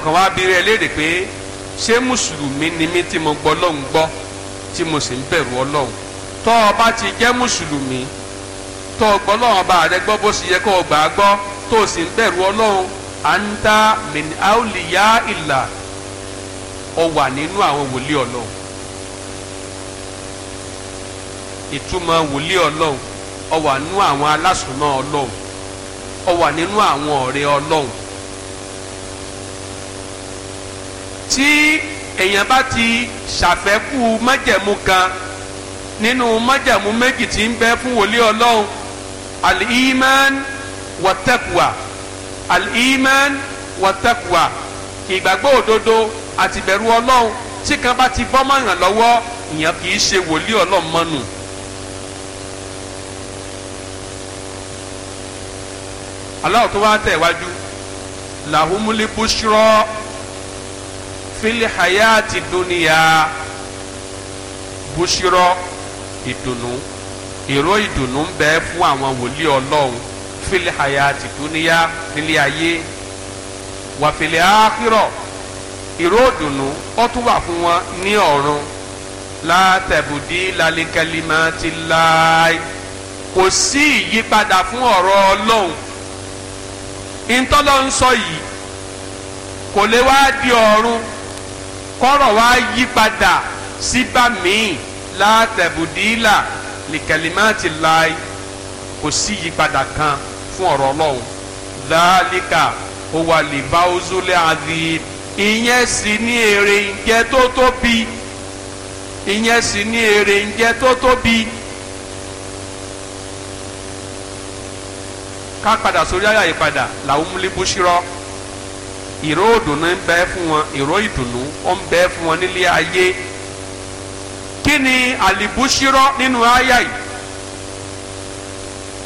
ọkàn wa bí rẹ léèrè pé ṣé mùsùlùmí ni mí tí mo gbọ́ lọ́hùn gbọ́ tí mo sì ń bẹ̀rù ọlọ́hùn tọ́ ọ bá ti jẹ́ mùsùlùmí tọ́ ọ gbọ́ lọ́hùn ọba rẹ gbọ́ bó sì yẹ kó o gbà á gbọ́ tó o sì ń bẹ̀rù ọlọ́hùn anta min auliya illa ọ wà nínú àwọn wòlíì ọlọ́hùn ìtumọ̀ wòlíì ọlọ́hùn ọ wà nínú àwọn alásùnmọ́ ọlọ́hùn ọ wà nínú àwọn ọ̀rẹ́ ọlọ́hùn tí èèyàn bá ti ṣàfẹ́kù májẹ̀mú kan nínú májẹ̀mú méjì tí ń bẹ fún wòlíì ọlọ́run al-iman wa taqwa al-iman wa taqwa ìgbàgbọ́ òdodo àti bẹ̀rù ọlọ́run tí kan bá ti bọ́ mọ̀ràn lọ́wọ́ ìyẹn kì í ṣe wòlíì ọlọ́run mọ́nu. Allah tó wá tẹ̀ wájú làhùnmúlẹ̀ bùsùrọ̀ fili hayati duniya busirọ ìdùnnú ìró ìdùnnú ń bẹ fún àwọn wòlíì Ọlọ́run fili hayati duniya fili ayé wà fili ákírọ̀ ìró ìdùnnú ó tún wà fún wọn ní ọ̀run látẹ̀bùdí lálẹ́kẹ́límà ti láì kò sí ìyípadà fún ọ̀rọ̀ Ọlọ́run ìtọ́lọ́ yìí kò lè wá di ọ̀run kọ́rọ̀ wá yí padà síbà míì látẹ̀bùdílà lìkẹ̀lìmáàtì láì kò sí yípadà kan fún ọ̀rọ̀ ọlọ́run dáálíkà ó wà lè bá ozúlẹ̀ àdì ìyẹn sì ní èrè ńjẹ́ tó tóbi ìyẹn sì ní èrè ńjẹ́ tó tóbi. ká padà sórí àyà ìpadà làwọn múlẹ̀ bó ṣírọ́ ìró òdùnnú ń bẹ fún wọn ìró ìdùnnú ń bẹ fún wọn nílé ayé kí ni àlìbúṣírọ́ nínú àyà yìí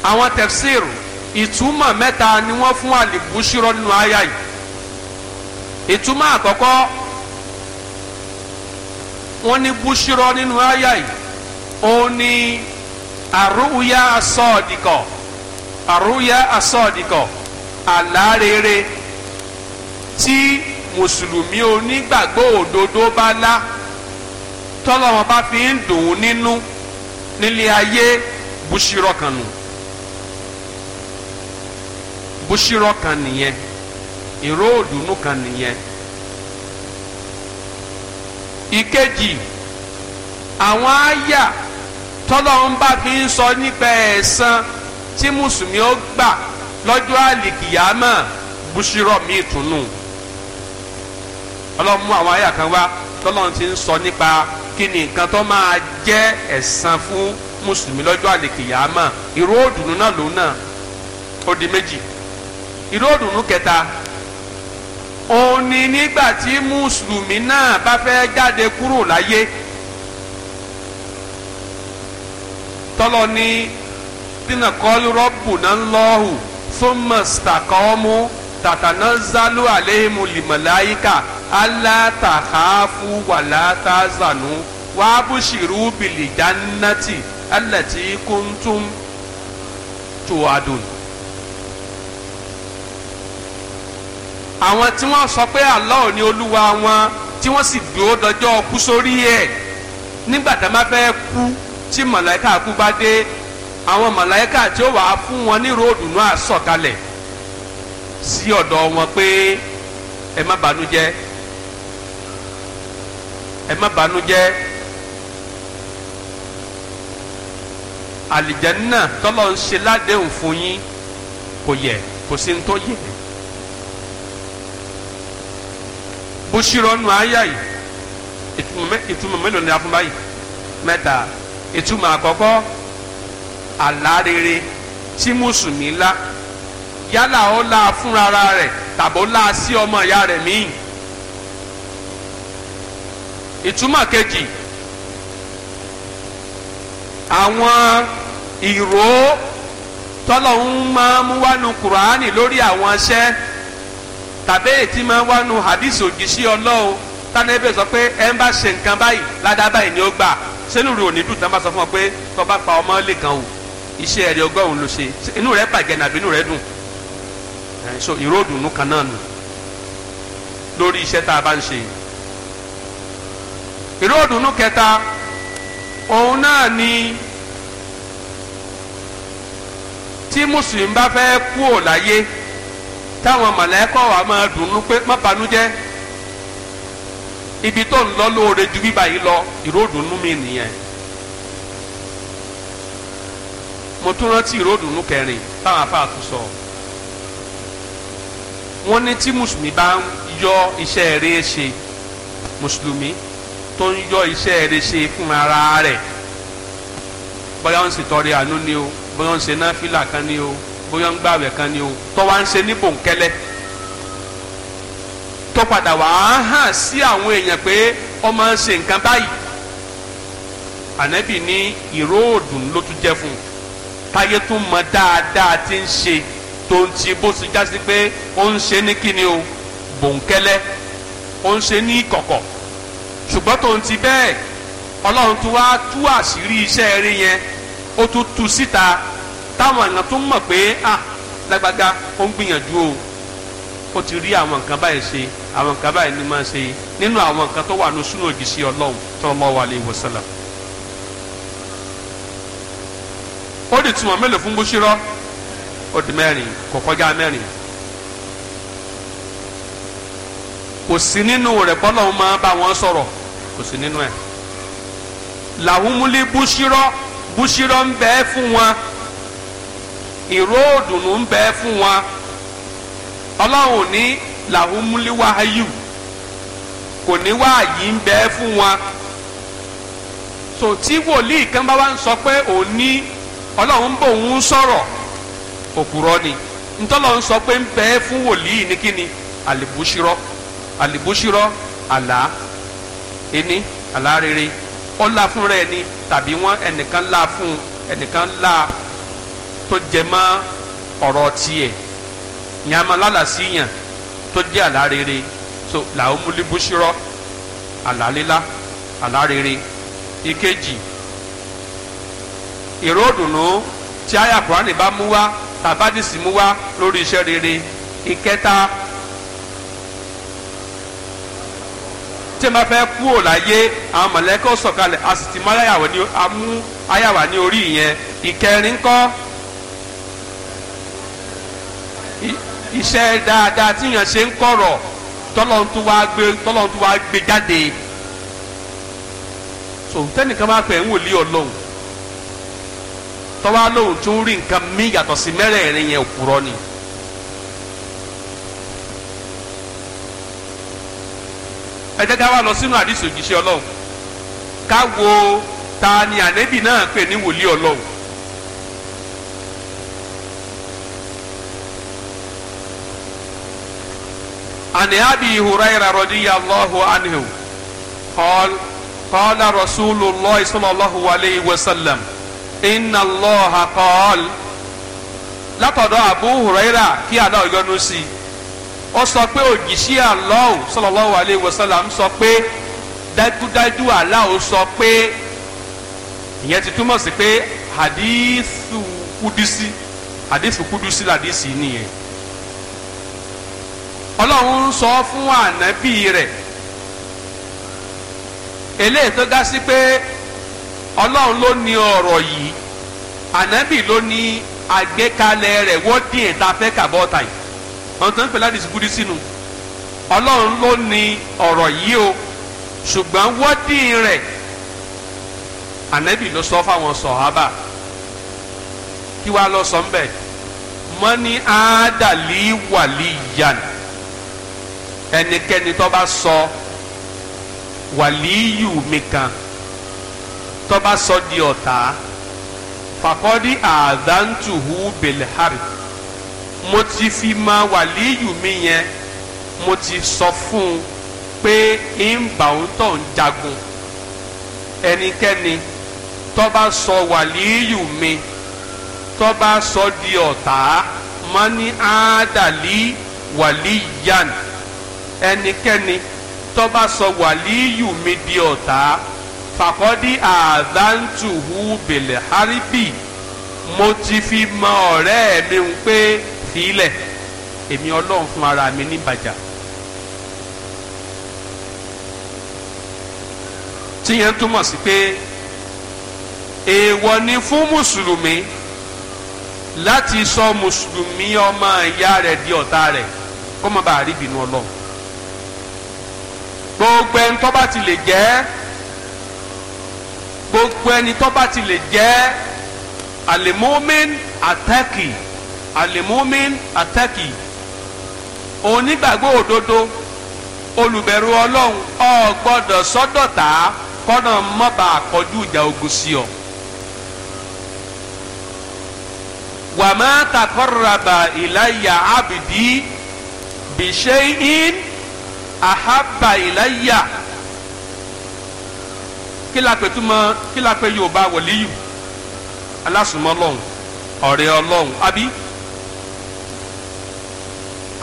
àwọn tẹ̀síìrù ìtumọ̀ mẹ́ta ni wọ́n fún àlìbúṣírọ́ nínú àyà yìí ìtumọ̀ àkọ́kọ́ wọ́n ní búṣírọ́ nínú àyà yìí òun ni àrùúyà asọ́ọ̀dìkọ̀ àrùúyà asọ́ọ̀dìkọ̀ àlá tí mùsùlùmí onígbàgbọ́ òdodo bá lá tọ́lọ́wọ́n bá fi ń dùn ún nínú nílé ayé bùsírọ̀ kan nù bùsírọ̀ kan nìyẹn ìró òdùnnú kan nìyẹn ìkejì àwọn àyà tọ́lọ́wọ́n bá fi ń sọ nípa ẹ̀san tí mùsùlùmí ó gbà lọ́jọ́ àlìkìyàmọ̀ bùsírọ̀ míì tún ọlọ́run mú àwọn àyà kan wá tọ́lọ́run ti ń sọ nípa kí ni nǹkan tó máa jẹ́ ẹ̀san fún mùsùlùmí lọ́jọ́ àlèkìyàmọ̀ ìró òdùnnú náà lòun náà ó di méjì ìró òdùnnú kẹta òun ni nígbà tí mùsùlùmí náà bá fẹ́ jáde kúrò láyé tọ́lọ́ ní dínà kọ́lù rọ́bù náà lọ́hù fún mọ̀sítàkọ́mù tàtàná zálù àléhìmù lìmọ̀láyíkà alátàháfú wàlátàzànú wàbùsìrú bìlìjánátì alàtí kúntùm tùwádùn. àwọn tí wọ́n sọ pé Allah ni olúwa wọn tí wọ́n sì dúró dọjọ́ kú sórí ẹ̀ nígbà tá a máa fẹ́ kú tí màláíkà kú bá dé àwọn màláíkà tí ó wàá fún wọn ní ròdù náà sọ̀kalẹ̀ sí ọ̀dọ̀ wọn pé ẹ má bànújẹ́ ẹ má banú jẹ́ àlìjánná tọ́lọ̀ ń ṣe ládéhùn fún yín kò yẹ kò sí ń tó yẹ bó ṣírọ́nù àyà yìí ìtumọ̀ ni a fún báyìí mẹ́ta ìtumọ̀ àkọ́kọ́ àlárere tí mùsùlùmí lá yálà ó lá fúnra rẹ̀ tàbó lá sí ọmọ ìyá rẹ̀ míì ìtumọ̀ kejì àwọn ìró tọ́lọ́hún máa mú wánu kùránì lórí àwọn iṣẹ́ tàbí ètí máa wánu hadith òjíṣẹ́ ọlọ́run tánẹ́bẹ̀ sọ pé ẹ ń bá ṣe nǹkan báyìí ládàá báyìí ni ó gbà sínú rẹ̀ òní dùn tán bá sọ fún ọ pé tó bá pa ọmọ lè kàn o iṣẹ́ ẹ̀rí ọgọ́rùn-ún ló ṣe inú rẹ̀ bàjẹ́ nàbí inú rẹ̀ dùn so ìró ìdùnnú kan náà nù lórí iṣẹ́ tá a bá ń ṣe yìí ìró ìdùnnú kẹta òun náà ni tí mùsùlùmí bá fẹ́ kú ò láyé táwọn mọ̀lẹ́kọ̀ wa máa dùnnú pé má banújẹ́ ibi tó ń lọ lóore ju bíbá yìí lọ ìró ìdùnnú mi nìyẹn mo tún rántí ìró ìdùnnú kẹrin táwọn afáàtú sọ wọ́n ní tí mùsùlùmí bá ń yọ iṣẹ́ rẹ̀ ṣe mùsùlùmí tó ń yọ iṣẹ́ rẹ̀ ṣe fún ara rẹ̀ bóyá ń ṣètọrẹ àánú ni o bóyá ń ṣe náfìlà kan ni o bóyá ń gbààwẹ̀ kan ni o tó wá ń ṣe ní bòńkẹ́lẹ́ tó padà wá hàn sí àwọn èèyàn pé ọmọ ń ṣe nǹkan báyìí ànábì ní ìró ló tún jẹ́ fún táyé tún mọ dáadáa ti ń ṣe tó ń ti bó ti já sí pé ó ń ṣe ní kíni o bòńkẹ́lẹ́ ó ń ṣe ní ìkọ̀kọ̀ ṣùgbọ́n tó ń ti bẹ́ẹ̀ ọlọ́run tó wá tú àṣírí iṣẹ́ rí yẹn ó tún tú síta táwọn èèyàn tó mọ̀ pé ah lágbága ó ń gbìyànjú o ó ti rí àwọn nǹkan báyìí ṣe àwọn nǹkan báyìí ni máa ṣe nínú àwọn nǹkan tó wà ní súnú òjìṣẹ́ ọlọ́run sallallahu alaihi wasallam. ó di túmọ̀ mélòó fún gbóṣírọ́ ó di mẹ́rin kò kọjá mẹ́rin. kò sí nínú rẹ̀ kọ́ lọ́hún máa bá wọn sọ̀rọ̀ kò sí nínú ẹ̀ làwùmúlí búṣírọ́ búṣírọ́ ń bẹ fún wọn ìró òdùnnú ń bẹ fún wọn ọlọ́run ní làwùmúlí wáyù kò ní wáàyí ń bẹ fún wọn so tí wòlíì kan bá wá ń sọ pé òun ní ọlọ́run ń bò ń sọ̀rọ̀ òkúrọ́ ni ntọ́lọ́ ń sọ pé ń bẹ fún wòlíì ní kíni àlèbúṣírọ́ àlìbóṣírọ́ ala ení àlá rere ó la fún rẹ ni tàbí wọn ẹnìkan la fún ẹnìkan la tó jẹ mọ́ ọ̀rọ̀ tiẹ̀ ìyẹn a tó jẹ́ àlá rere so làwọn múlíbóṣírọ́ àlá lílá àlá rere ìkejì ìró òdùnnú tí àyà kùránì bá mú wá tàbádìsí mú wá lórí iṣẹ́ rere ìkẹta tí ma fẹ́ kú ò láyé àwọn mọ̀lẹ́kẹ́ sọ̀kalẹ̀ a sì ti mú ayàwó ní amú ayàwó ní orí yẹn ìkẹrin ńkọ́ iṣẹ́ dáadáa tí yàn ṣe ń kọ̀rọ̀ tọ́lọ́n tó wá gbé tọ́lọ́n tó wá gbé jáde so tẹ́nìkan bá pẹ̀ ń wòlé ọlọ́run tọ́wá lóhùn tó rí nǹkan mí yàtọ̀ sí mẹ́rẹ̀ẹ̀rin yẹn òpùrọ́ ni. ẹ jẹ́ ká wá lọ sínú àdìsí òjíṣẹ́ ọlọ́run ká wo ta ni ànẹ́bì náà pè ní wòlíì ọlọ́run. عن أبي هريرة رضي الله عنه قال قال رسول الله صلى الله عليه وسلم إن الله Abu Huraira kí àná ìyọnu sí ó sọ pé òjìṣẹ́ Allah sallallahu alaihi wasallam sọ pé dájúdájú Allah sọ pé ìyẹn ti túmọ̀ sí pé hadithu kudusi hadithu kudusi ladisi nìyẹn ọlọ́run ń sọ fún ànábì rẹ̀ eléyìí tó dá sí pé ọlọ́run ló ní ọ̀rọ̀ yìí ànábì ló ní àgbékalẹ̀ rẹ̀ wọ́n dín ẹ̀ta fẹ́ kàbọ́ta yìí ọ̀tán pẹ̀lú àdìsí kúdísì nù ọlọ́run ló ní ọ̀rọ̀ yìí o ṣùgbọ́n wọ́dìn rẹ̀ ànábì ló sọ fáwọn sọ̀hábà kí wàá lọ sọ mbẹ mọ́ ní àádàlí wàlíyàn ẹnikẹ́ni tó bá sọ wàlíyù mi kan tó bá sọ di ọ̀tá fàkọ́dí àdántùhù bèlè hàrì mo ti fi mọ wàlíyù mi yẹn mo ti sọ fún un pé ń bà ń tọ̀ ń jagun ẹnikẹ́ni tó bá sọ wàlíyù mi tó bá sọ di ọ̀tá mọ́ ní àádàlí wàlíyàn ẹnikẹ́ni tó bá sọ wàlíyù mi di ọ̀tá fàkọ́dí àdántùhù bèlè háríbì mo ti fi mọ ọ̀rẹ́ mi pé fi èmi ọlọ́run fún ara mi ní ìbàjá. tíyẹn túmọ̀ sí pé èèwọ̀ ni fún mùsùlùmí láti sọ mùsùlùmí ọmọ ìyá rẹ̀ di ọ̀tá rẹ̀ kó má bàa rí ìbínú ọlọ́run gbogbo ẹni tó bá ti lè jẹ́ gbogbo ẹni tó bá ti lè jẹ́ àlèmọ́mẹ́ni àtẹ́kì alimumin ataki onígbàgbọ́ òdodo olùbẹ̀rù ọlọ́run ọ gbọ́dọ̀ sọ́dọ̀tà kọ́nà mọ́ba àkọ́jú ìjà ogun sí ọ. wàmọ́ takọ́rọ̀bà ìláyà abìdí bìṣẹ́ in àhábà ìláyà kí la pè túmọ̀ kí la pè yorùbá wọ̀lẹ́yù alásùmọ́ ọlọ́run ọ̀rẹ́ ọlọ́run àbí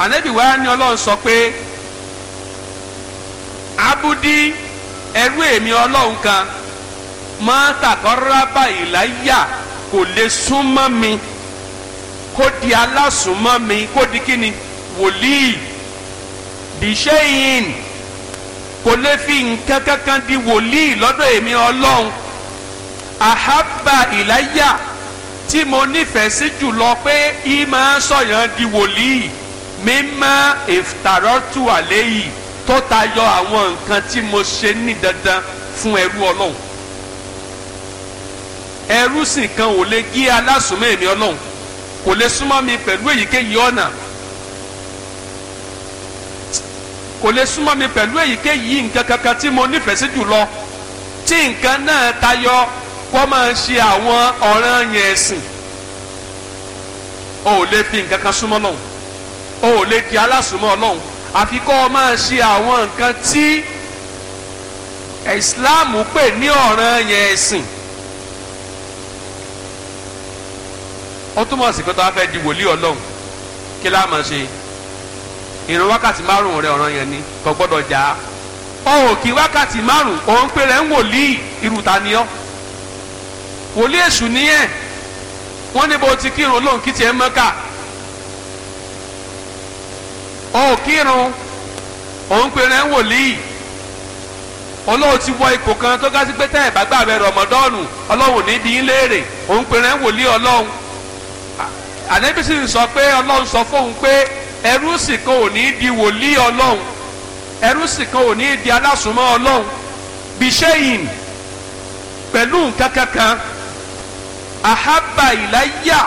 ànábì wa ni ọlọ́run sọ pé abudi ẹrú èmi ọlọ́run kan máa tàkọ́rábà ìláyà kò lè súnmọ́ mi kó di alásùnmọ́ mi kó di kíni wòlíì bìṣẹ́yìn kò lè fi nǹkan kankan di wòlíì lọ́dọ̀ èmi ọlọ́run àhábà ìláyà tí mo nífẹ̀ẹ́ sí jùlọ pé í máa sọ̀yàn di wòlíì mímọ́ ìftarọ́tù àléyìí tó tayọ àwọn nǹkan tí mo ṣe ní dandan fún ẹrú ọlọ́run ẹrú sì kan ò lè gé alásùnmọ́ èmi ọlọ́run kò lè súnmọ́ mi pẹ̀lú èyíkéyìí ọ̀nà kò lè súnmọ́ mi pẹ̀lú èyíkéyìí nǹkan kankan tí mo nífẹ̀ẹ́ sí jùlọ tí nǹkan náà tayọ kó máa ṣe àwọn ọ̀ràn yẹn ẹ̀sìn ò lè fi nǹkan kan súnmọ́ náà o ò lè di alásùnmọ́ ọlọ́run àfi kọ́ ọ máa ṣe àwọn nǹkan tí ìsìláàmù pè ní ọ̀ràn yẹn ẹ̀sìn ó túmọ̀ sí pé tó fẹ́ di wòlíì ọlọ́run kí la máa ṣe ìrun wákàtí márùn rẹ ọ̀ràn yẹn ni kò gbọ́dọ̀ jà á ó ò kí wákàtí márùn-ún òun pé rẹ̀ ń wòlíì irú ta ni ọ́ wòlíì èṣù nìyẹn wọ́n ní bó ti kírun olóhùn kí tiẹ̀ mọ́ká ó kírun òun pè rẹ̀ ń wòlíì olóò ti wọ ipò kan tó gá sí pé tẹ́ ẹ̀ bá gbà bẹ rọmọdọ́ọ̀nù ọlọ́run ní bí ń léèrè òun pè rẹ̀ ń wòlíì ọlọ́run ànábì sì sọ pé ọlọ́run sọ fóun pé ẹrú sì kan ò ní di wòlíì ọlọ́run ẹrú sì kan ò ní di alásùnmọ́ ọlọ́run bíṣẹ́yìn pẹ̀lú nǹkan kankan àhábà ìláyà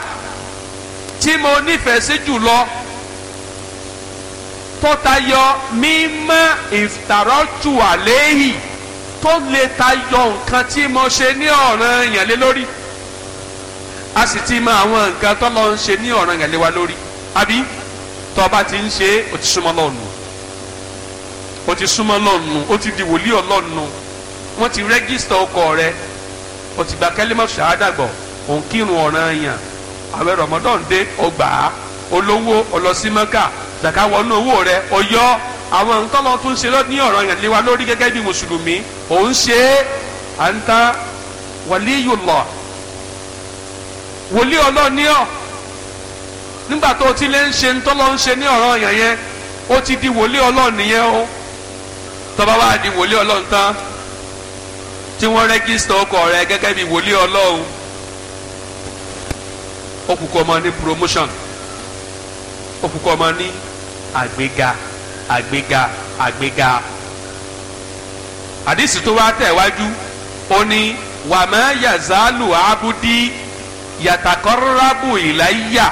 tí mo nífẹ̀ẹ́ sí jùlọ tó tayọ mímọ́ ìtàrọ́jù àléyìí tó lè tayọ nǹkan tí mo ṣe ní ọ̀ràn yẹn lé lórí a sì ti mọ àwọn nǹkan tó lọ ń ṣe ní ọ̀ràn yẹn lé wa lórí àbí tó bá ti ń ṣe ó ti súnmọ́ lọ́nu ó ti súnmọ́ lọ́nu ó ti di wòlíì ọlọ́nu wọ́n ti rẹ́gísítà ọkọ̀ rẹ o ti gba kẹ́lẹ́mọ̀ ṣàádàgbọ̀ òun ọ̀ràn yẹn àwẹ̀ rọ̀mọ́dọ́ǹdé ọgbà olówó ọlọ́símọ́kà zaka wọnú owó rẹ ọyọ àwọn nǹkan lọ tún ṣe ní ọ̀rọ̀ yẹn lé wa lórí gẹ́gẹ́ bí mùsùlùmí òun ṣe é à ń ta waliyullah wòlíì ọlọ́ọ̀ni ọ̀ nígbà tó o ti lè ń ṣe ń tọ́lọ́ ń ṣe ní ọ̀rọ̀ yẹn yẹn ó ti di wòlíì ọlọ́ọ̀ni o tọ́ba wa di wòlíì ọlọ́ọ̀ni tán tí wọ́n rẹ́gísítà ọkọ̀ rẹ gẹ́gẹ́ bí wòlíì ọlọ́ọ̀hún ó ọmọ ní promotion ó kù ọmọ ní àgbéga àgbéga àgbéga àdìsí tó wá tẹ̀ wájú ó ní wàmọ́ yazalu abudi yàtàkọ́rọ́bù ìláyà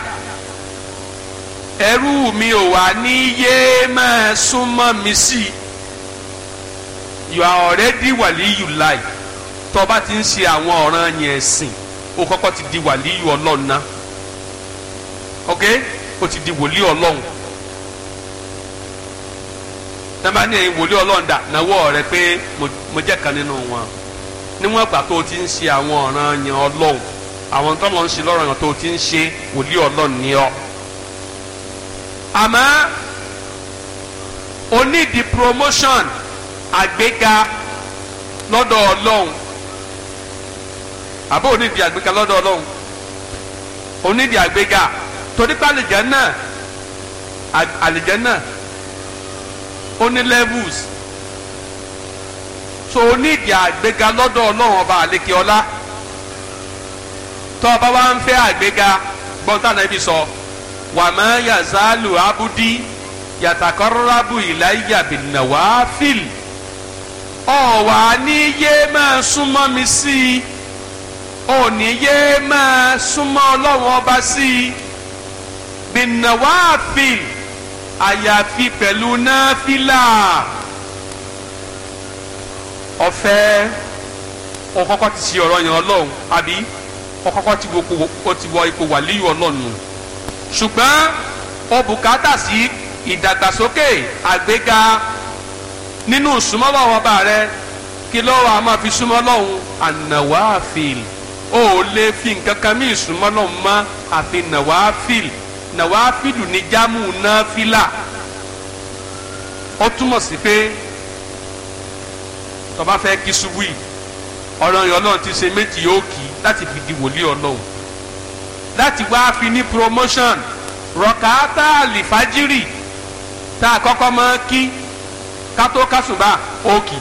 ẹrú mi ò wá ní yé máa súnmọ́ mi sí you are already wàlíyù láì tó bá ti ń ṣe àwọn ọ̀ràn yẹn sìn ó kọ́kọ́ ti di wàlíyù ọlọ́run náà ok ó ti di wòlíì ọlọ́run tẹ́nba ní ìwòlé ọlọ́ọ̀dà náwó rẹ pé mo jẹ́ kan nínú wọn níwọ̀n ìgbà tó o ti ń ṣe àwọn ọ̀ràn yẹn ọlọ́run àwọn tó ń ṣe lọ́rọ̀ yẹn tó o ti ń ṣe wòlíì ọlọ́run ni ọ. àmọ́ o need the promotion àgbéga lọ́dọ̀ ọlọ́run àbó o need the àgbéga lọ́dọ̀ ọlọ́run o need the àgbéga torí pé àlìjẹ́ náà àlìjẹ́ náà ó ní levels so ó ní ìdí àgbéga lọ́dọ̀ ọlọ́run ọba àlekè ọlá tó ọba wa ń fẹ́ àgbéga gbọ́ntànà ibi sọ wàmọ́ yazalu abudi yàtàkọ́rọ́rábù ìláyà bìnnàwáfìl ọ̀wà ní yé máa súnmọ́ mi sí i òní yé máa súnmọ́ ọlọ́run ọba sí i bìnnàwáfìl àyàfi pẹ̀lú náfìlà ọ̀fẹ́ ọkọ́kọ́ ti ṣe ọ̀rọ̀ yẹn ọlọ́run àbí ọkọ́kọ́ ti wọ ipò wàlíyù ọlọ́run ṣùgbọ́n ó bùkátà sí ìdàgbàsókè àgbéga nínú ìsúnmọ́ lọ́wọ́ ọba rẹ kí lọ́wọ́ a máa fi súnmọ́ lọ́hùn ànàwáfìl ó lè fi nǹkan kan mí ìsúnmọ́ lọ́hùn mọ́ àfi nàwáfìl nàwáfílù ní jámù náfílà ó túmọ̀ sí pé tó bá fẹ́ kí ṣubú yìí ọ̀ràn yìí ọlọ́run ti ṣe méjì yóò kì láti fi di wòlíì ọlọ́run láti wá fi ní promotion rọ̀kàtà àlìfájírì tá a kọ́kọ́ mọ́ kí kátó kásùbà òkì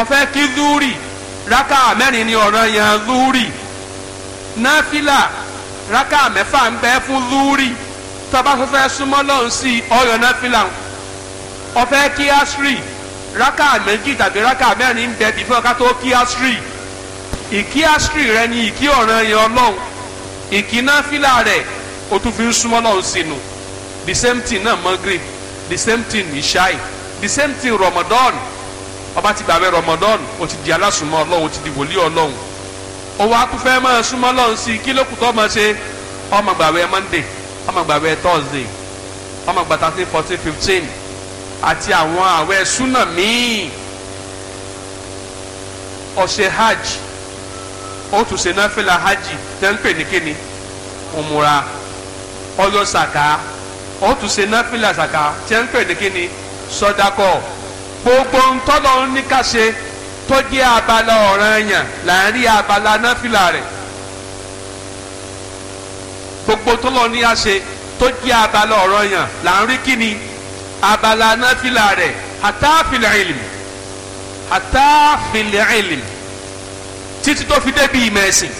ọ̀fẹ́ kí zúrì rákà mẹ́rin ni ọ̀ràn yẹn zúrì náfìlà rákà mẹ́fà ń bẹ fún lúúrì tọ́ba fẹ́fẹ́ súnmọ́ lọ́hùn sí ọ̀yọ̀ náà fi làwọn ọ̀fẹ́ kí asiri rákà méjì tàbí rákà mẹ́rin ń bẹ bífọ́ ká tó kí asiri ìkí asiri rẹ ni ìkí ọ̀ràn yẹn ọlọ́hùn ìkí náà fìlà rẹ̀ o tún fi ń súnmọ́ lọ́hùn sí nu the same thing náà Maghrib the same thing ìṣáì the same thing Ramadan ọba ti gbàgbé Ramadan o ti di alásùnmọ́ ọlọ́hùn o ti di wòlíì ọlọ́hùn òwò akúfẹ́ máa súnmọ́ lọ́run sí i kí ló kù tó máa ṣe ọmọ gbàwẹ̀ monday ọmọ gbàwẹ̀ thursday ọmọ gbà thirteen fourteen fifteen àti àwọn àwẹ̀ súnà míì ọ̀sẹ̀ hajj ó tún ṣe náfìlà hajj tẹ́ ń pè ní kíni òmùra ọyọ saka ó tún ṣe náfìlà sàká saka ń pè ní kíni sọdakọ gbogbo ntọ́lọ́run ní ká ṣe tó jẹ́ abala ọ̀ranyàn láàrin abala náfìlà rẹ̀ gbogbo tó lọ ní àṣe tó jẹ́ abala ọ̀ranyàn láàrin kíni abala náfìlà rẹ̀ àtàfìlà ìlìmù àtàfìlà ìlìmù títí tó fi débi ìmọ̀ ẹ̀sìn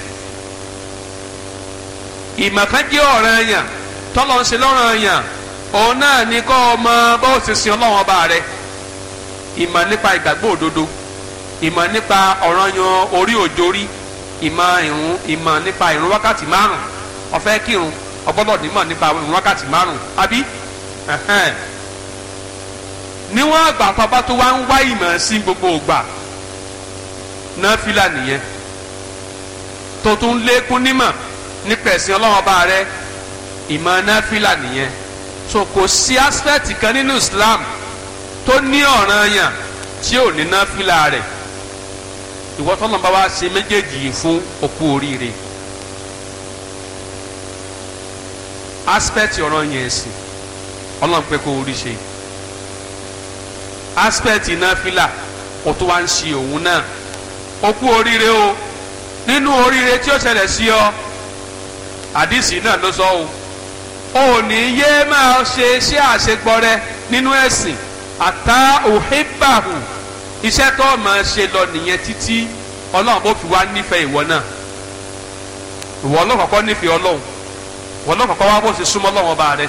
ìmọ̀ kan jẹ́ ọ̀ranyàn tọ́lọ́ ń ṣe lọ́ranyàn òun náà ni kọ́ ọmọ bó ṣe sin ọlọ́wọ́n ọba rẹ̀ ìmọ̀ nípa ìgbàgbọ́ òdodo ìmọ̀ nípa ọ̀ranyàn orí òjòrí ìmọ̀ ìrun ìmọ̀ nípa ìrun wákàtí márùn ó fẹ́ kírun ó gbọ́dọ̀ nímọ̀ nípa ìrun wákàtí márùn àbí níwọ̀n àgbà pàpà tó wá ń wá ìmọ̀ sí gbogbo ògbà náà fìlà nìyẹn tó tún lékún nímọ̀ nípa ẹ̀sìn rẹ ìmọ̀ náà fìlà nìyẹn so kò sí aspect kan nínú Islam tó ní ọ̀ranyàn tí ò ní náà fìlà rẹ̀ ìwọ tọ́lọ̀ bá wá ṣe méjèèjì yìí fún òkú oríire aspect ọ̀rọ̀ yẹn ẹ̀sìn ọlọ́run pé kó orí ṣe aspect iná fìlà kò tó wá ń ṣe òun náà òkú oríire o nínú oríire tí ó ṣẹlẹ̀ sí ọ àdìsí náà ló sọ o ò ní yé máa ṣe iṣẹ́ àṣegbọ́ rẹ nínú ẹ̀sìn àtà òhìbàhù iṣẹ́ tó o máa ṣe lọ nìyẹn títí ọlọ́run bó fi wá nífẹ̀ẹ́ ìwọ náà ìwọ ọlọ́run kọ́kọ́ nífẹ̀ẹ́ ọlọ́run ìwọ ọlọ́run kọ́kọ́ wá bó ṣe súnmọ́ ọlọ́run ọba rẹ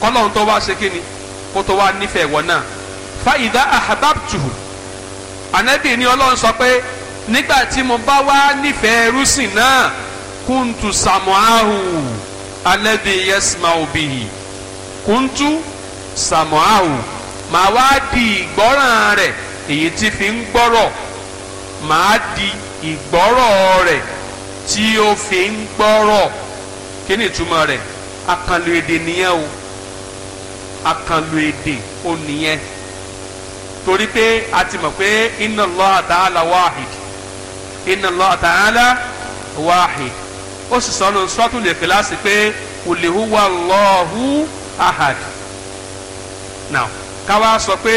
kọ́lọ́run tó wá ṣe kí ni kó tó wá nífẹ̀ẹ́ ìwọ náà fàyídá àhábàbtùhù ànábì ni ọlọ́run sọ pé nígbà tí mo bá wá nífẹ̀ẹ́ rúsìn náà kúntù sàmùáhù alẹ́bí yẹ́sìmáòbìhì kúntù sàmùáhù màá wá di ìgbọ́ràn rẹ̀ èyí fi ń gbọ́rọ̀ màá di ìgbọ́rọ̀ rẹ̀ tí ó fi ń gbọ́rọ̀ kí ni ìtumọ̀ rẹ̀ èdè nìyẹn o àkànlò èdè ó nìyẹn torí pé a ti mọ̀ pé inna Allah ta'ala wahid inna Allah ta'ala wahid ó sì sọ lóun suratul Ikhlas pé qul huwa ahad now ká sọ pé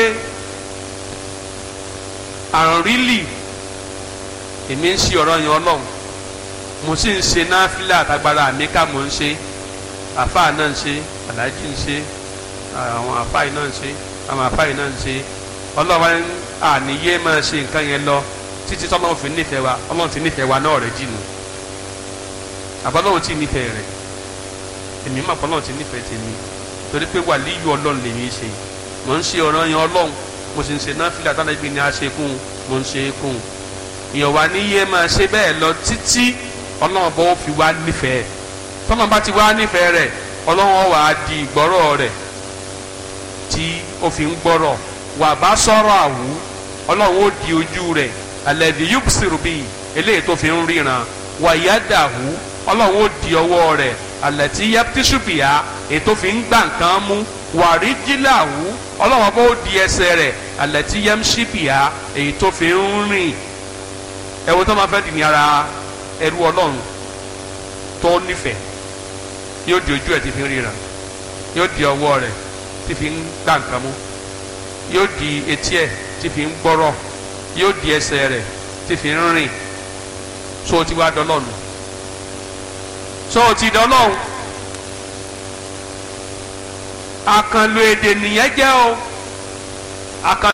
and really èmi ń ṣe ọ̀rọ̀ yẹn ọlọ́run mo sì ń ṣe náfìlà mi ká mo ń ṣe àfáà náà ń ṣe aláàjì ń ṣe àwọn àfáà yìí náà ń ṣe àwọn àfáà yìí náà ń ṣe ọlọ́run lọ títí tọ́lọ́run fi nífẹ̀ẹ́ wa ọlọ́run ti nífẹ̀ẹ́ wa náà rẹ̀ àbọ̀lọ́run ti nífẹ̀ẹ́ rẹ̀ èmi ti nífẹ̀ẹ́ tèmi torí pé ọlọ́run ṣe mò mo sì ń ṣe náfìlà tánà ibi ni a ṣe kún mo ń ṣe wa ní yé máa ṣe bẹ́ẹ̀ lọ títí ọlọ́run bọ́ fi wá nífẹ̀ẹ́ tọ́nà bá ti wá nífẹ̀ẹ́ rẹ̀ ọlọ́run wà á di ìgbọ́rọ̀ rẹ̀ tí ó fi ń gbọ́rọ̀ wà bá sọ̀rọ̀ àwù ọlọ́run ó di ojú rẹ̀ alẹ́dí yúbsìrù bíi eléyìí tó fi ń ríran wà yá dàhù ọlọ́run ó di ọwọ́ rẹ̀ alẹ́tí yẹ́ptísùbìyà èyí tó fi ń gbà nǹkan mú wàrí jíláwù ọlọ́wọ́n bó di ẹsẹ̀ rẹ̀ alẹ́ tí yẹm ṣíbìá èyí tó fi ń rìn ẹ̀wọ̀n tó máa fẹ́ dì ní ara ẹrú ọlọ́run tó nífẹ̀ẹ́ yóò di ojú ẹ̀ tí fi ń ríran yóò di ọwọ́ rẹ̀ tí fi ń gbà nǹkan mú yóò di etí ẹ̀ tí fi ń gbọ́rọ̀ yóò di ẹsẹ̀ rẹ̀ tí fi ń rìn so ti wá dọ́lọ́run so ti dọ́lọ́run àkànlò èdè nìyẹn jẹ́ o